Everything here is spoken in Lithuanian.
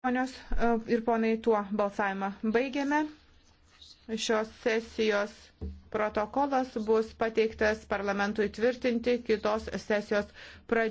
Ponios e, ir ponai, tuo balsavimą baigiame. Šios sesijos protokolas bus pateiktas parlamentui tvirtinti kitos sesijos pradžioje.